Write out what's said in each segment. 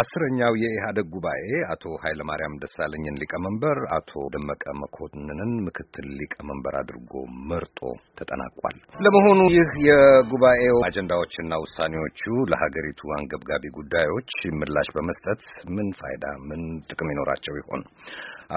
አስረኛው የኢህአደግ ጉባኤ አቶ ኃይለማርያም ደሳለኝን ሊቀመንበር፣ አቶ ደመቀ መኮንንን ምክትል ሊቀመንበር አድርጎ መርጦ ተጠናቋል። ለመሆኑ ይህ የጉባኤው አጀንዳዎችና ውሳኔዎቹ ለሀገሪቱ አንገብጋቢ ጉዳዮች ምላሽ በመስጠት ምን ፋይዳ፣ ምን ጥቅም ይኖራቸው ይሆን?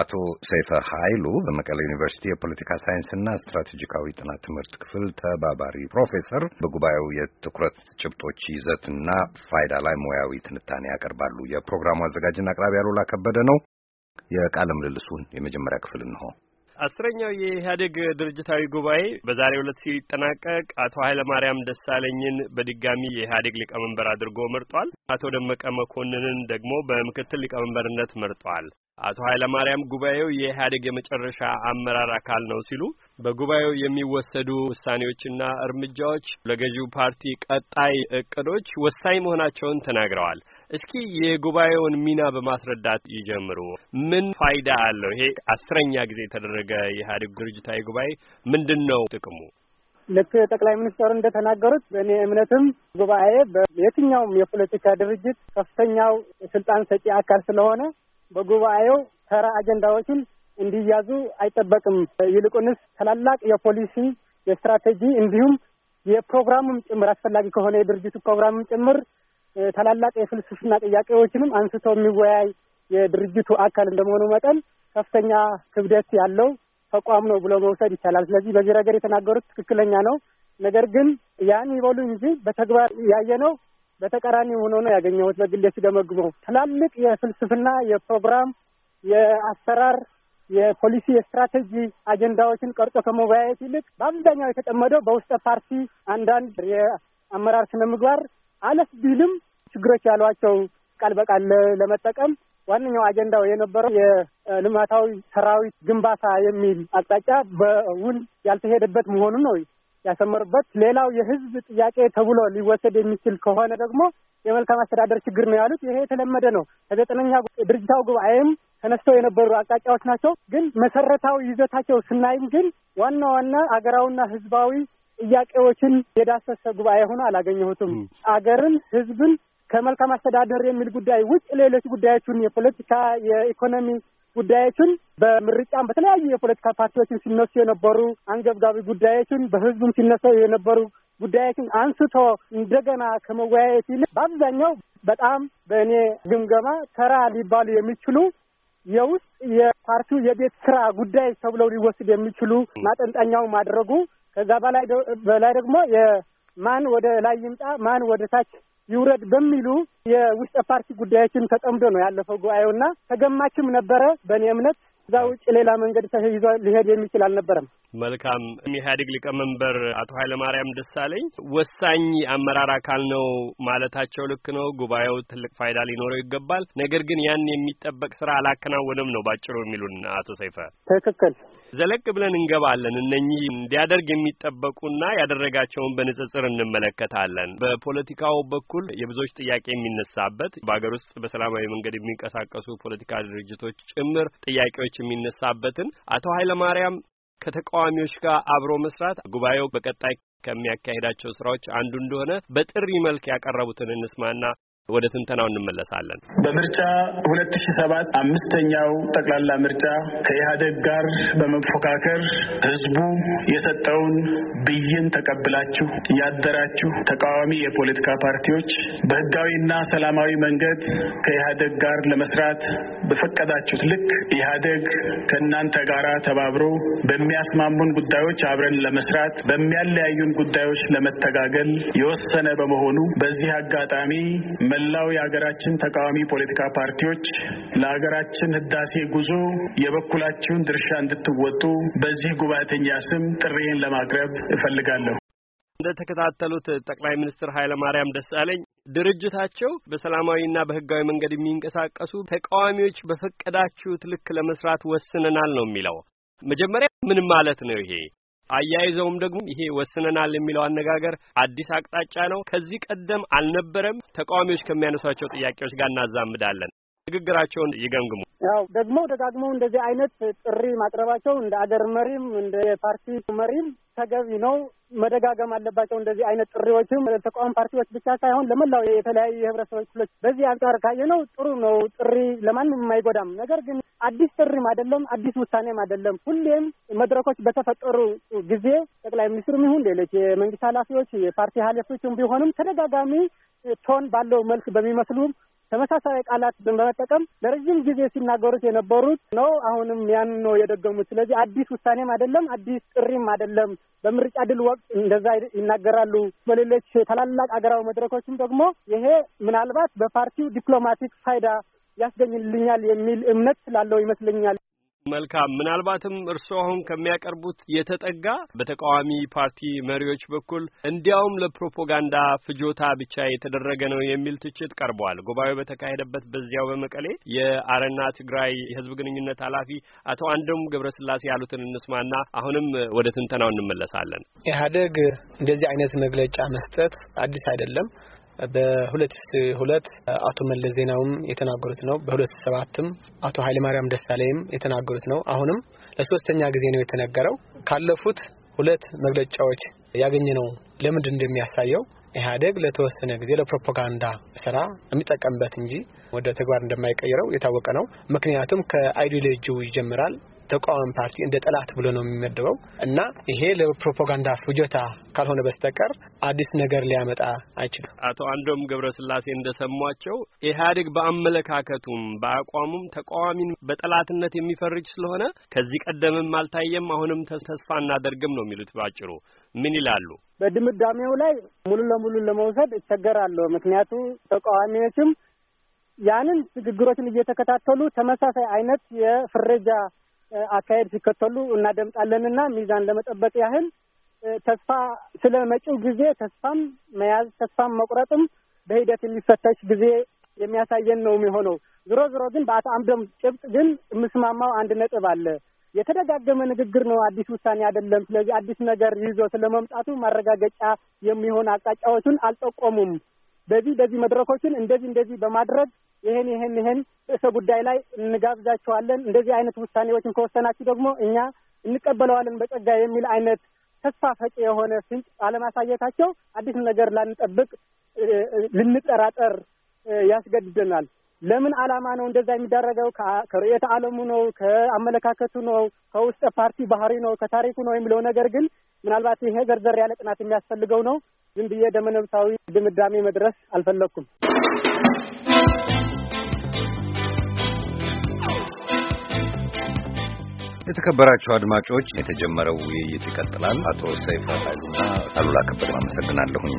አቶ ሰይፈ ኃይሉ በመቀለ ዩኒቨርሲቲ የፖለቲካ ሳይንስና ስትራቴጂካዊ ጥናት ትምህርት ክፍል ተባባሪ ፕሮፌሰር በጉባኤው የትኩረት ጭብጦች ይዘትና ፋይዳ ላይ ሙያዊ ትንታኔ ያቀርባል። ይጠብቃሉ። የፕሮግራሙ አዘጋጅና አቅራቢ አሉላ ከበደ ነው። የቃለ ምልልሱን የመጀመሪያ ክፍል እንሆ። አስረኛው የኢህአዴግ ድርጅታዊ ጉባኤ በዛሬው ዕለት ሲጠናቀቅ አቶ ኃይለማርያም ደሳለኝን በድጋሚ የኢህአዴግ ሊቀመንበር አድርጎ መርጧል። አቶ ደመቀ መኮንንን ደግሞ በምክትል ሊቀመንበርነት መርጧል። አቶ ማርያም ጉባኤው የኢህአዴግ የመጨረሻ አመራር አካል ነው ሲሉ በጉባኤው የሚወሰዱ ውሳኔዎችና እርምጃዎች ለገዢው ፓርቲ ቀጣይ እቅዶች ወሳኝ መሆናቸውን ተናግረዋል። እስኪ የጉባኤውን ሚና በማስረዳት ይጀምሩ። ምን ፋይዳ አለው ይሄ አስረኛ ጊዜ የተደረገ የኢህአዴግ ድርጅታዊ ጉባኤ ምንድን ነው ጥቅሙ? ልክ ጠቅላይ ሚኒስትሩ እንደተናገሩት በእኔ እምነትም ጉባኤ በየትኛውም የፖለቲካ ድርጅት ከፍተኛው ስልጣን ሰጪ አካል ስለሆነ በጉባኤው ተራ አጀንዳዎችን እንዲያዙ አይጠበቅም። ይልቁንስ ታላላቅ የፖሊሲ የስትራቴጂ እንዲሁም የፕሮግራምም ጭምር አስፈላጊ ከሆነ የድርጅቱ ፕሮግራምም ጭምር ታላላቅ የፍልስፍና ጥያቄዎችንም አንስቶ የሚወያይ የድርጅቱ አካል እንደመሆኑ መጠን ከፍተኛ ክብደት ያለው ተቋም ነው ብሎ መውሰድ ይቻላል። ስለዚህ በዚህ ነገር የተናገሩት ትክክለኛ ነው። ነገር ግን ያን ይበሉ እንጂ በተግባር ያየነው በተቃራኒ ሆኖ ነው ያገኘሁት። በግሌ ስገመግመው ትላልቅ የፍልስፍና የፕሮግራም፣ የአሰራር፣ የፖሊሲ፣ የስትራቴጂ አጀንዳዎችን ቀርጾ ከመወያየት ይልቅ በአብዛኛው የተጠመደው በውስጠ ፓርቲ አንዳንድ የአመራር ስነ ምግባር አለፍ ቢልም ችግሮች ያሏቸው ቃል በቃል ለመጠቀም ዋነኛው አጀንዳው የነበረው የልማታዊ ሰራዊት ግንባታ የሚል አቅጣጫ በውል ያልተሄደበት መሆኑን ነው ያሰመሩበት። ሌላው የህዝብ ጥያቄ ተብሎ ሊወሰድ የሚችል ከሆነ ደግሞ የመልካም አስተዳደር ችግር ነው ያሉት። ይሄ የተለመደ ነው። ከዘጠነኛ ድርጅታዊ ጉባኤም ተነስተው የነበሩ አቅጣጫዎች ናቸው። ግን መሰረታዊ ይዘታቸው ስናይም ግን ዋና ዋና አገራዊና ህዝባዊ ጥያቄዎችን የዳሰሰ ጉባኤ ሆኖ አላገኘሁትም። አገርን፣ ህዝብን ከመልካም አስተዳደር የሚል ጉዳይ ውጭ ሌሎች ጉዳዮችን የፖለቲካ የኢኮኖሚ ጉዳዮችን በምርጫም በተለያዩ የፖለቲካ ፓርቲዎችን ሲነሱ የነበሩ አንገብጋቢ ጉዳዮችን በህዝቡም ሲነሱ የነበሩ ጉዳዮችን አንስቶ እንደገና ከመወያየት ይልቅ በአብዛኛው በጣም በእኔ ግምገማ ተራ ሊባሉ የሚችሉ የውስጥ የፓርቲው የቤት ስራ ጉዳይ ተብለው ሊወስድ የሚችሉ ማጠንጠኛው ማድረጉ ከዛ በላይ ደግሞ የማን ወደ ላይ ይምጣ ማን ወደ ታች ይውረድ በሚሉ የውስጠ ፓርቲ ጉዳዮችን ተጠምዶ ነው ያለፈው ጉባኤውና ተገማችም ነበረ። በእኔ እምነት እዛ ውጭ ሌላ መንገድ ተይዞ ሊሄድ የሚችል አልነበረም። መልካም የኢህአዴግ ሊቀመንበር አቶ ኃይለማርያም ደሳለኝ ወሳኝ አመራር አካል ነው ማለታቸው ልክ ነው። ጉባኤው ትልቅ ፋይዳ ሊኖረው ይገባል። ነገር ግን ያን የሚጠበቅ ስራ አላከናወነም ነው ባጭሩ የሚሉን አቶ ሰይፈ ትክክል። ዘለቅ ብለን እንገባለን። እነኚህ እንዲያደርግ የሚጠበቁና ያደረጋቸውን በንጽጽር እንመለከታለን። በፖለቲካው በኩል የብዙዎች ጥያቄ የሚነሳበት በሀገር ውስጥ በሰላማዊ መንገድ የሚንቀሳቀሱ ፖለቲካ ድርጅቶች ጭምር ጥያቄዎች የሚነሳበትን አቶ ኃይለማርያም ከተቃዋሚዎች ጋር አብሮ መስራት ጉባኤው በቀጣይ ከሚያካሂዳቸው ስራዎች አንዱ እንደሆነ በጥሪ መልክ ያቀረቡትን እንስማና ወደ ትንተናው እንመለሳለን። በምርጫ ሁለት ሺ ሰባት አምስተኛው ጠቅላላ ምርጫ ከኢህአደግ ጋር በመፎካከር ህዝቡ የሰጠውን ብይን ተቀብላችሁ ያደራችሁ ተቃዋሚ የፖለቲካ ፓርቲዎች በህጋዊና ሰላማዊ መንገድ ከኢህአደግ ጋር ለመስራት በፈቀዳችሁት ልክ ኢህአደግ ከእናንተ ጋር ተባብሮ በሚያስማሙን ጉዳዮች አብረን ለመስራት፣ በሚያለያዩን ጉዳዮች ለመተጋገል የወሰነ በመሆኑ በዚህ አጋጣሚ መላው የሀገራችን ተቃዋሚ ፖለቲካ ፓርቲዎች ለሀገራችን ህዳሴ ጉዞ የበኩላችሁን ድርሻ እንድትወጡ በዚህ ጉባኤተኛ ስም ጥሬን ለማቅረብ እፈልጋለሁ። እንደተከታተሉት ጠቅላይ ሚኒስትር ኃይለማርያም ደሳለኝ ድርጅታቸው በሰላማዊና በህጋዊ መንገድ የሚንቀሳቀሱ ተቃዋሚዎች በፈቀዳችሁት ልክ ለመስራት ወስነናል ነው የሚለው። መጀመሪያ ምን ማለት ነው ይሄ? አያይዘውም ደግሞ ይሄ ወስነናል የሚለው አነጋገር አዲስ አቅጣጫ ነው፣ ከዚህ ቀደም አልነበረም፣ ተቃዋሚዎች ከሚያነሷቸው ጥያቄዎች ጋር እናዛምዳለን። ንግግራቸውን ይገምግሙ። ያው ደግሞ ደጋግመው እንደዚህ አይነት ጥሪ ማቅረባቸው እንደ አገር መሪም እንደ ፓርቲ መሪም ተገቢ ነው። መደጋገም አለባቸው። እንደዚህ አይነት ጥሪዎችም ተቃዋሚ ፓርቲዎች ብቻ ሳይሆን ለመላው የተለያዩ የህብረተሰብ ክፍሎች በዚህ አንጻር ካየነው ጥሩ ነው። ጥሪ ለማንም የማይጎዳም ነገር ግን አዲስ ጥሪም አይደለም፣ አዲስ ውሳኔም አይደለም። ሁሌም መድረኮች በተፈጠሩ ጊዜ ጠቅላይ ሚኒስትር ይሁን ሌሎች የመንግስት ኃላፊዎች የፓርቲ ኃላፊዎችም ቢሆንም ተደጋጋሚ ቶን ባለው መልክ በሚመስሉ ተመሳሳይ ቃላት በመጠቀም ለረጅም ጊዜ ሲናገሩት የነበሩት ነው። አሁንም ያን ነው የደገሙት። ስለዚህ አዲስ ውሳኔም አይደለም፣ አዲስ ጥሪም አይደለም። በምርጫ ድል ወቅት እንደዛ ይናገራሉ። በሌሎች ታላላቅ አገራዊ መድረኮችም ደግሞ ይሄ ምናልባት በፓርቲው ዲፕሎማቲክ ፋይዳ ያስገኝልኛል የሚል እምነት ስላለው ይመስለኛል መልካም። ምናልባትም እርስዎ አሁን ከሚያቀርቡት የተጠጋ በተቃዋሚ ፓርቲ መሪዎች በኩል እንዲያውም ለፕሮፓጋንዳ ፍጆታ ብቻ የተደረገ ነው የሚል ትችት ቀርቧል። ጉባኤው በተካሄደበት በዚያው በመቀሌ የአረና ትግራይ የህዝብ ግንኙነት ኃላፊ አቶ አንደም ገብረስላሴ ያሉትን እንስማና አሁንም ወደ ትንተናው እንመለሳለን። ኢህአዴግ እንደዚህ አይነት መግለጫ መስጠት አዲስ አይደለም። በሁለት ሺ ሁለት አቶ መለስ ዜናውም የተናገሩት ነው። በሁለት ሺ ሰባትም አቶ ኃይለማርያም ደሳለኝም የተናገሩት ነው። አሁንም ለሶስተኛ ጊዜ ነው የተነገረው። ካለፉት ሁለት መግለጫዎች ያገኘ ነው ለምንድ እንደሚያሳየው ኢህአዴግ ለተወሰነ ጊዜ ለፕሮፓጋንዳ ስራ የሚጠቀምበት እንጂ ወደ ተግባር እንደማይቀይረው የታወቀ ነው። ምክንያቱም ከአይዲዮሎጂው ይጀምራል። ተቃዋሚ ፓርቲ እንደ ጠላት ብሎ ነው የሚመደበው እና ይሄ ለፕሮፓጋንዳ ፉጀታ ካልሆነ በስተቀር አዲስ ነገር ሊያመጣ አይችልም። አቶ አንዶም ገብረስላሴ እንደሰሟቸው ኢህአዴግ በአመለካከቱም በአቋሙም ተቃዋሚን በጠላትነት የሚፈርጅ ስለሆነ ከዚህ ቀደምም አልታየም፣ አሁንም ተስፋ እናደርግም ነው የሚሉት። ባጭሩ ምን ይላሉ? በድምዳሜው ላይ ሙሉ ለሙሉ ለመውሰድ እቸገራለሁ። ምክንያቱ ተቃዋሚዎችም ያንን ንግግሮችን እየተከታተሉ ተመሳሳይ አይነት የፍረጃ አካሄድ ሲከተሉ እናደምጣለንና ሚዛን ለመጠበቅ ያህል ተስፋ ስለ መጪው ጊዜ ተስፋም መያዝ ተስፋም መቁረጥም በሂደት የሚፈተሽ ጊዜ የሚያሳየን ነው የሚሆነው። ዝሮ ዝሮ ግን በአቶ አምደም ጭብጥ ግን የምስማማው አንድ ነጥብ አለ። የተደጋገመ ንግግር ነው፣ አዲስ ውሳኔ አይደለም። ስለዚህ አዲስ ነገር ይዞ ስለመምጣቱ ማረጋገጫ የሚሆን አቅጣጫዎቹን አልጠቆሙም። በዚህ በዚህ መድረኮችን እንደዚህ እንደዚህ በማድረግ ይሄን ይሄን ይሄን ርዕሰ ጉዳይ ላይ እንጋብዛቸዋለን እንደዚህ አይነት ውሳኔዎችን ከወሰናችሁ ደግሞ እኛ እንቀበለዋለን በጸጋ የሚል አይነት ተስፋ ፈጪ የሆነ ፍንጭ አለማሳየታቸው አዲስ ነገር ላንጠብቅ ልንጠራጠር ያስገድደናል። ለምን ዓላማ ነው እንደዛ የሚደረገው? ከርዕዮተ ዓለሙ ነው? ከአመለካከቱ ነው? ከውስጠ ፓርቲ ባህሪ ነው? ከታሪኩ ነው የሚለው ነገር ግን ምናልባት ይሄ ዘርዘር ያለ ጥናት የሚያስፈልገው ነው። ዝም ብዬ ደመነብሳዊ ድምዳሜ መድረስ አልፈለግኩም። የተከበራቸው አድማጮች የተጀመረው ውይይት ይቀጥላል። አቶ ሰይፈ ኃይሉና አሉላ ከበደ አመሰግናለሁኝ።